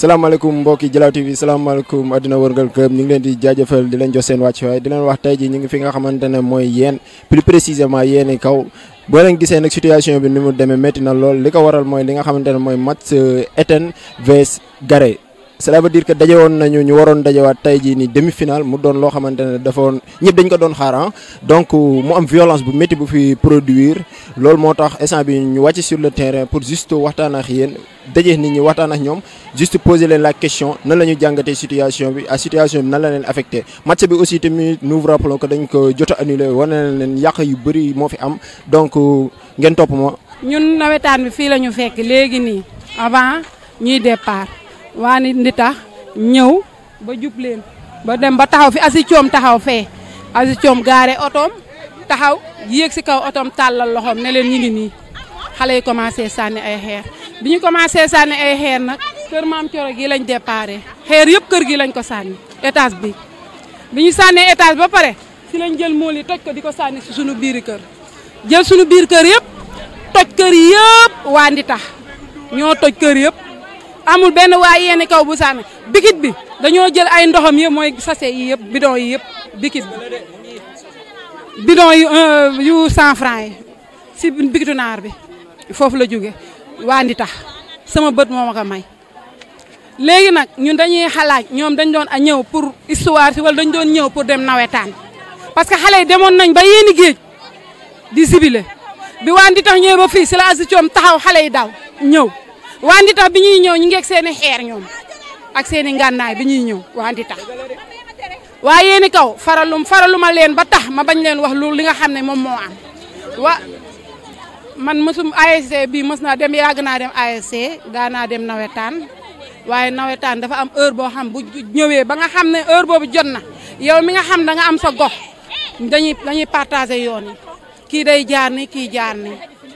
salaamaaleykum mbokki Dialaw TV salaamaaleykum àddina wërngal këpp ñu ngi leen di jaajëfal di leen jox seen wàcc waaye di leen wax tey ji ñu ngi fi nga xamante ne mooy yéen plus précisément yéeni kaw boo leen gisee nag situation bi ni mu demee métti na lool li ko waral mooy li nga xamante ne mooy match Etienne vs Garey cela veut dire que dajewon nañu ñu waron dajewat tey jii nii demi finale mu doon lo xamantene ne dafa woon ñëpp dañ ko doon xaar ah. donc mu am violence bu metti bu fi produire lool motax tax instant bi ñu wacc sur le terrain pour juste waxtaan ak yéen daje nit ñi waxtaan ak ñom juste poser leen la question nan lañu jangaté situation bi a situation bi nan la leen affecté match bi aussi tamit nous vous rappelons que dañ ko jotta annuler annulé wane na leen yàq yu bari mo fi am donc ngeen topp ma. ñun nawetaan bi fi lañu fekk légui ni avant ñuy départ. wani nita ndi tax ba jup leen ba dem ba taxaw fi asi ciom taxaw fee asi ciom gaare otom taxaw yéeg otom kaw otoom talal loxom ne leen ñi ngi ni xalé yi commencé sànni ay xeer biñu commencé sànni ay xeer nak kër maam cioro gi lañ déparé xeer yépp kër gi lañ ko sànni étage bi biñu ñu étage ba pare ci lañ jël mool toj ko di ko ci suñu biir kër jël sunu biir kër yépp toj kër yépp waa tax ño toj kër yépp amul benn waa yéene kaw bu saame bikit bi dañoo jël ay ndoxam yëpp mooy sachet yi yëpp bidon yi yëpp bikit bi bidon yu euh, yu cent franc yi si bikitu naar bi foofu la jóge waa ndi tax sama bët moo ma may léegi nag ñun dañuy xalaat ñoom dañ doon a ñëw pour histoire si wala dañ doon ñëw pour dem nawetaan parce que xale yi demoon nañ ba yéeni géej di sibile bi waa ndi tax ñëwee ba fii si la asi coom taxaw xale yi daw ñëw waa Nditax bi ñuy ñëw ñu ngeeg seeni i xeer ñoom ak seeni i bi ñuy ñëw waa Nditax waaye yéeni kaw faralum faraluma leen ba tax ma bañ leen wax lu li nga xam ne moom moo am wa man mësum ASC bii mës naa dem yàgg naa dem ASC daanaa dem nawetaan waaye nawetaan dafa am heure boo xam bu ñëwee ba nga xam ne heure boobu jot na yow mi nga xam da nga am sa gox dañuy dañuy partager yoon yi kii day jaar ni kii jaar ni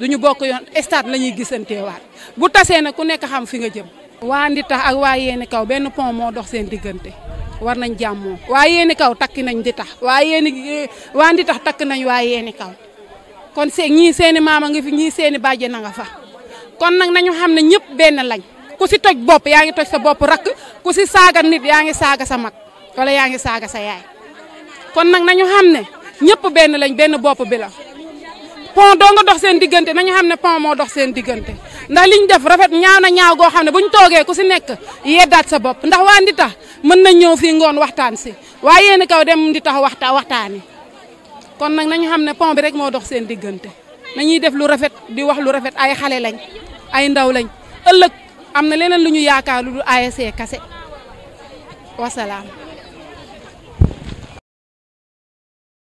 ñu bokk yoon stade la ñuy gisanteewaat bu tasee nag ku nekk xam fi nga jëm. waa Nditax ak waa Yéni Kaw benn pont moo dox seen diggante war nañ jàmmoo waa Yéni Kaw takk nañ Nditax waa Yéni waa Nditax takk nañ waa Yéni Kaw kon see ñii seen i maama ngi fi ñii seen i bàjje nga fa kon nag nañu xam ne ñëpp benn lañ ku si toj bopp yaa ngi toj sa bopp rakk ku si saaga nit ngi saaga sa mag wala yaa ngi saaga sa yaay kon nag nañu xam ñëpp benn lañ benn bopp bila pont do nga dox sen digënté nañu xamné ne pont mo dox sen digënté ndax liñ def rafet ñaaw na ñaaw go xamné ne buñ togué ku ci nekk yeddaat sa bop ndax wa ndita mën na ñëw fi ngoon waxtaan si wayé ne kaw dem ndi waxta waxtaani kon nak nañu xamné ne pont bi rek mo dox sen digënté nañuy def lu rafet di wax lu rafet ay xalé lañ ay ndaw lañ ëlëk am leneen lu ñu yaakaar lu ASC kasse kase salaam